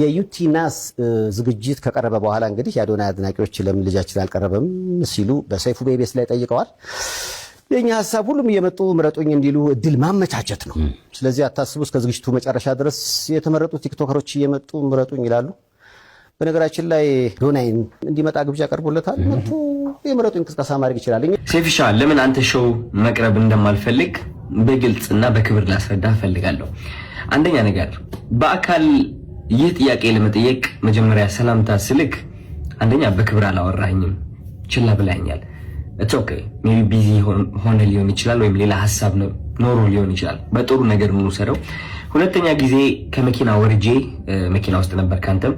የዩቲናስ ዝግጅት ከቀረበ በኋላ እንግዲህ የአዶናይ አድናቂዎች ለምን ልጃችን አልቀረበም ሲሉ በሰይፉ ቤቤስ ላይ ጠይቀዋል። የኛ ሀሳብ ሁሉም እየመጡ ምረጡኝ እንዲሉ እድል ማመቻቸት ነው። ስለዚህ አታስቡ፣ እስከ ዝግጅቱ መጨረሻ ድረስ የተመረጡ ቲክቶከሮች እየመጡ ምረጡኝ ይላሉ። በነገራችን ላይ ዶናይን እንዲመጣ ግብዣ ቀርቦለታል። መጡ የምረጡ እንቅስቃሴ ማድረግ ይችላል። ሴፊሻ ለምን አንተ ሾው መቅረብ እንደማልፈልግ በግልጽ እና በክብር ላስረዳ እፈልጋለሁ። አንደኛ ነገር በአካል ይህ ጥያቄ ለመጠየቅ መጀመሪያ ሰላምታ ስልክ አንደኛ በክብር አላወራኝም፣ ችላ ብላኛል። ኦኬ ቢዚ ሆነ ሊሆን ይችላል፣ ወይም ሌላ ሀሳብ ኖሮ ሊሆን ይችላል። በጥሩ ነገር የምንውሰደው ሁለተኛ ጊዜ ከመኪና ወርጄ መኪና ውስጥ ነበር። ካንተም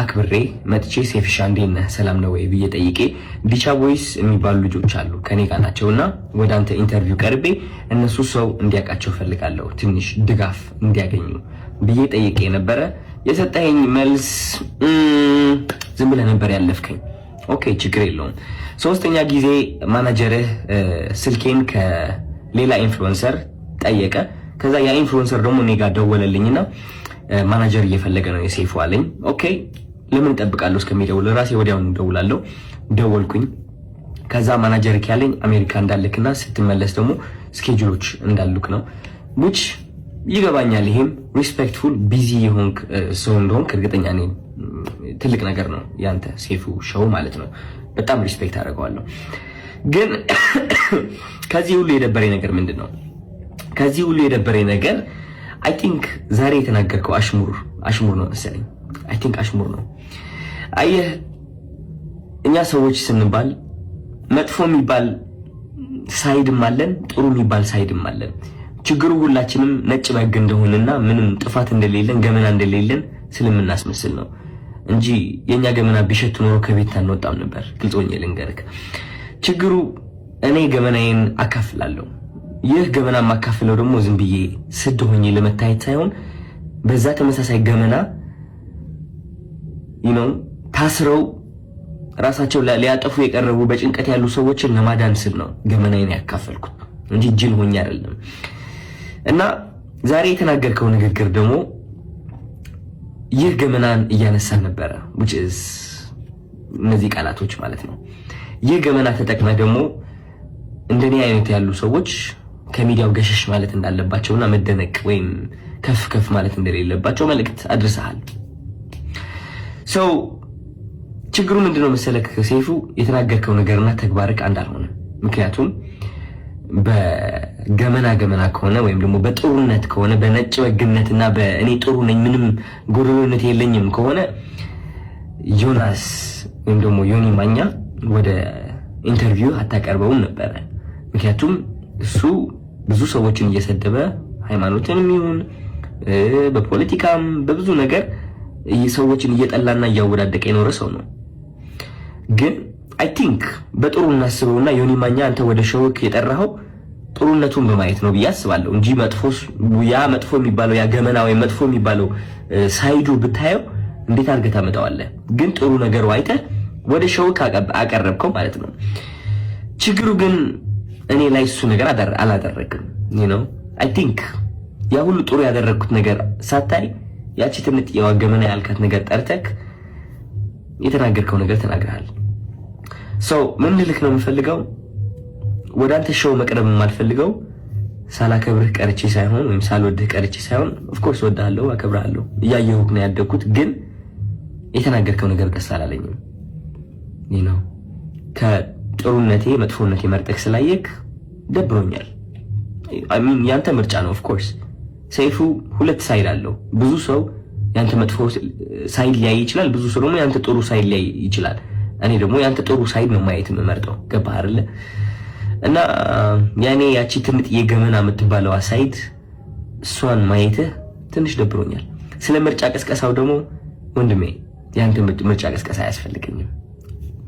አክብሬ መጥቼ ሴፍሻ እንዴነ ሰላም ነው ወይ ብዬ ጠይቄ ዲቻ ቦይስ የሚባሉ ልጆች አሉ ከኔ ጋር ናቸው እና ወደ አንተ ኢንተርቪው ቀርቤ እነሱ ሰው እንዲያውቃቸው ፈልጋለሁ ትንሽ ድጋፍ እንዲያገኙ ብዬ ጠይቄ ነበረ። የሰጠኸኝ መልስ ዝም ብለህ ነበር ያለፍከኝ። ኦኬ ችግር የለውም። ሶስተኛ ጊዜ ማናጀርህ ስልኬን ከሌላ ኢንፍሉዌንሰር ጠየቀ። ከዛ ያ ኢንፍሉዌንሰር ደግሞ እኔ ጋር ደወለልኝና ማናጀር እየፈለገ ነው የሴፉ አለኝ። ኦኬ ለምን እጠብቃለሁ እስከሚደውል ራሴ ወዲያውኑ እደውላለሁ። ደወልኩኝ። ከዛ ማናጀር ያለኝ አሜሪካ እንዳልክና ስትመለስ ደግሞ ስኬጁሎች እንዳሉክ ነው ች ይገባኛል። ይሄም ሪስፔክትፉል ቢዚ የሆንክ ሰው እንደሆንክ እርግጠኛ ነኝ። ትልቅ ነገር ነው ያንተ ሴፉ ሸው ማለት ነው። በጣም ሪስፔክት አደርገዋለሁ። ግን ከዚህ ሁሉ የደበረኝ ነገር ምንድን ነው? ከዚህ ሁሉ የደበረኝ ነገር አይ ቲንክ ዛሬ የተናገርከው አሽሙር አሽሙር ነው መሰለኝ። አይ ቲንክ አሽሙር ነው። አየህ እኛ ሰዎች ስንባል መጥፎ የሚባል ሳይድም አለን፣ ጥሩ የሚባል ሳይድም አለን። ችግሩ ሁላችንም ነጭ በግ እንደሆንና ምንም ጥፋት እንደሌለን ገመና እንደሌለን ስለምናስመስል ነው እንጂ የእኛ ገመና ቢሸት ኖሮ ከቤት አንወጣም ነበር። ግልጾኝ ልንገርክ፣ ችግሩ እኔ ገመናዬን አካፍላለሁ። ይህ ገመና የማካፍለው ደግሞ ዝም ብዬ ስድ ሆኜ ለመታየት ሳይሆን በዛ ተመሳሳይ ገመና ነው ታስረው ራሳቸው ሊያጠፉ የቀረቡ በጭንቀት ያሉ ሰዎችን ለማዳን ስል ነው ገመናዬን ያካፈልኩት እንጂ ጅል ሆኜ አይደለም። እና ዛሬ የተናገርከው ንግግር ደግሞ ይህ ገመናን እያነሳ ነበረ። እነዚህ ቃላቶች ማለት ነው። ይህ ገመና ተጠቅመ ደግሞ እንደኔ አይነት ያሉ ሰዎች ከሚዲያው ገሸሽ ማለት እንዳለባቸውና መደነቅ ወይም ከፍ ከፍ ማለት እንደሌለባቸው መልእክት አድርሰሃል። ሰው ችግሩ ምንድነው መሰለክ ሰይፉ፣ የተናገርከው ነገርና ተግባርህ አንድ አልሆነ። ምክንያቱም በገመና ገመና ከሆነ ወይም ደግሞ በጥሩነት ከሆነ በነጭ በግነትና በእኔ ጥሩ ነኝ ምንም ጎደሎነት የለኝም ከሆነ ዮናስ ወይም ደግሞ ዮኒ ማኛ ወደ ኢንተርቪው አታቀርበውም ነበረ። ምክንያቱም እሱ ብዙ ሰዎችን እየሰደበ ሃይማኖትንም ይሁን በፖለቲካም በብዙ ነገር ሰዎችን እየጠላና እያወዳደቀ የኖረ ሰው ነው። ግን አይ ቲንክ በጥሩ እናስበውና ዮኒ ማኛ አንተ ወደ ሸውክ የጠራኸው ጥሩነቱን በማየት ነው ብዬ አስባለሁ እንጂ ያ መጥፎ የሚባለው ያ ገመና ወይም መጥፎ የሚባለው ሳይዱ ብታየው እንዴት አድርገህ ታመጣዋለህ? ግን ጥሩ ነገሩ አይተህ ወደ ሸውክ አቀረብከው ማለት ነው። ችግሩ ግን እኔ ላይ እሱ ነገር አላደረግም ነው አይ ቲንክ ያ ሁሉ ጥሩ ያደረግኩት ነገር ሳታይ ያቺ ትንጥ የዋገመና ያልካት ነገር ጠርተክ የተናገርከው ነገር ተናግረሃል። ሰው ምን ልልክ ነው የምፈልገው፣ ወደ አንተ ሸው መቅረብ የማልፈልገው ሳላከብርህ ቀርቼ ሳይሆን ወይም ሳልወድህ ቀርቼ ሳይሆን፣ ኦፍኮርስ ወድሃለሁ፣ አከብርሃለሁ፣ እያየሁህ ነው ያደግኩት። ግን የተናገርከው ነገር ደስ አላለኝም ነው ጥሩነቴ መጥፎነቴ መርጠክ ስላየክ ደብሮኛል። ያንተ ምርጫ ነው። ኦፍኮርስ ሰይፉ ሁለት ሳይል አለው። ብዙ ሰው ያንተ መጥፎ ሳይል ሊያይ ይችላል፣ ብዙ ሰው ደግሞ ያንተ ጥሩ ሳይል ሊያይ ይችላል። እኔ ደግሞ ያንተ ጥሩ ሳይል ነው ማየት የምመርጠው። ገባህ አይደለ? እና ያኔ ያቺ ትምጥ የገመና የምትባለው ሳይድ እሷን ማየትህ ትንሽ ደብሮኛል። ስለ ምርጫ ቀስቀሳው ደግሞ ወንድሜ ያንተ ምርጫ ቀስቀሳ አያስፈልገኝም።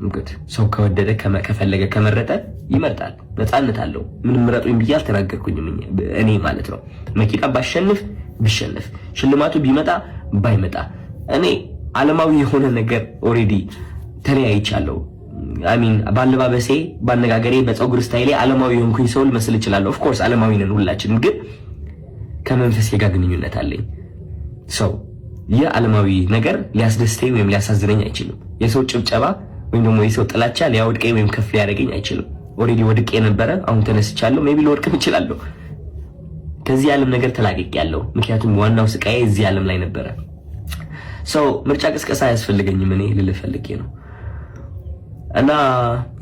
እንግዲህ ሰው ከወደደ ከፈለገ ከመረጠ ይመርጣል፣ ነፃነት አለው። ምንም ምረጡኝ ብዬ አልተናገርኩኝም እኔ ማለት ነው። መኪና ባሸንፍ ብሸንፍ ሽልማቱ ቢመጣ ባይመጣ እኔ ዓለማዊ የሆነ ነገር ኦልሬዲ ተለያይቻለሁ። አሚን ባለባበሴ፣ ባነጋገሬ፣ በፀጉር ስታይሌ ዓለማዊ የሆንኩኝ ሰው ልመስል እችላለሁ። ኦፍኮርስ ዓለማዊ ነን ሁላችንም፣ ግን ከመንፈስ ጋር ግንኙነት አለኝ ሰው ይህ ዓለማዊ ነገር ሊያስደስተኝ ወይም ሊያሳዝነኝ አይችልም። የሰው ጭብጨባ ወይም ደግሞ የሰው ጥላቻ ሊያወድቀኝ ወይም ከፍ ሊያደርገኝ አይችልም። ኦልሬዲ ወድቄ ነበረ፣ አሁን ተነስቻለሁ። ሜይ ቢ ልወድቅም እችላለሁ። ከዚህ ዓለም ነገር ተላቅቄ ያለው ምክንያቱም ዋናው ስቃዬ እዚህ ዓለም ላይ ነበረ። ሰው ምርጫ ቅስቀሳ አያስፈልገኝም። እኔ ልልህ ፈልጌ ነው እና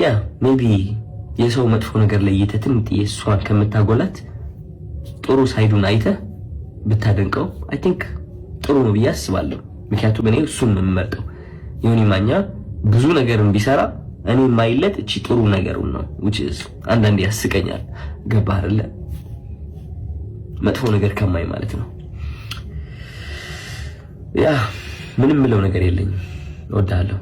ያ ሜይ ቢ የሰው መጥፎ ነገር ለይተህ ትንጥዬ እሷን ከምታጎላት ጥሩ ሳይዱን አይተህ ብታደንቀው አይ ቲንክ ጥሩ ነው ብዬ አስባለሁ። ምክንያቱም እኔ እሱን ነው የምመርጠው። ይሁን ማኛ ብዙ ነገርን ቢሰራ እኔ ማይለት እቺ ጥሩ ነገር ነው። which is አንዳንዴ ያስቀኛል። ገባህ አይደለ? መጥፎ ነገር ከማይ ማለት ነው። ያ ምንም ምለው ነገር የለኝም። እወድሃለሁ።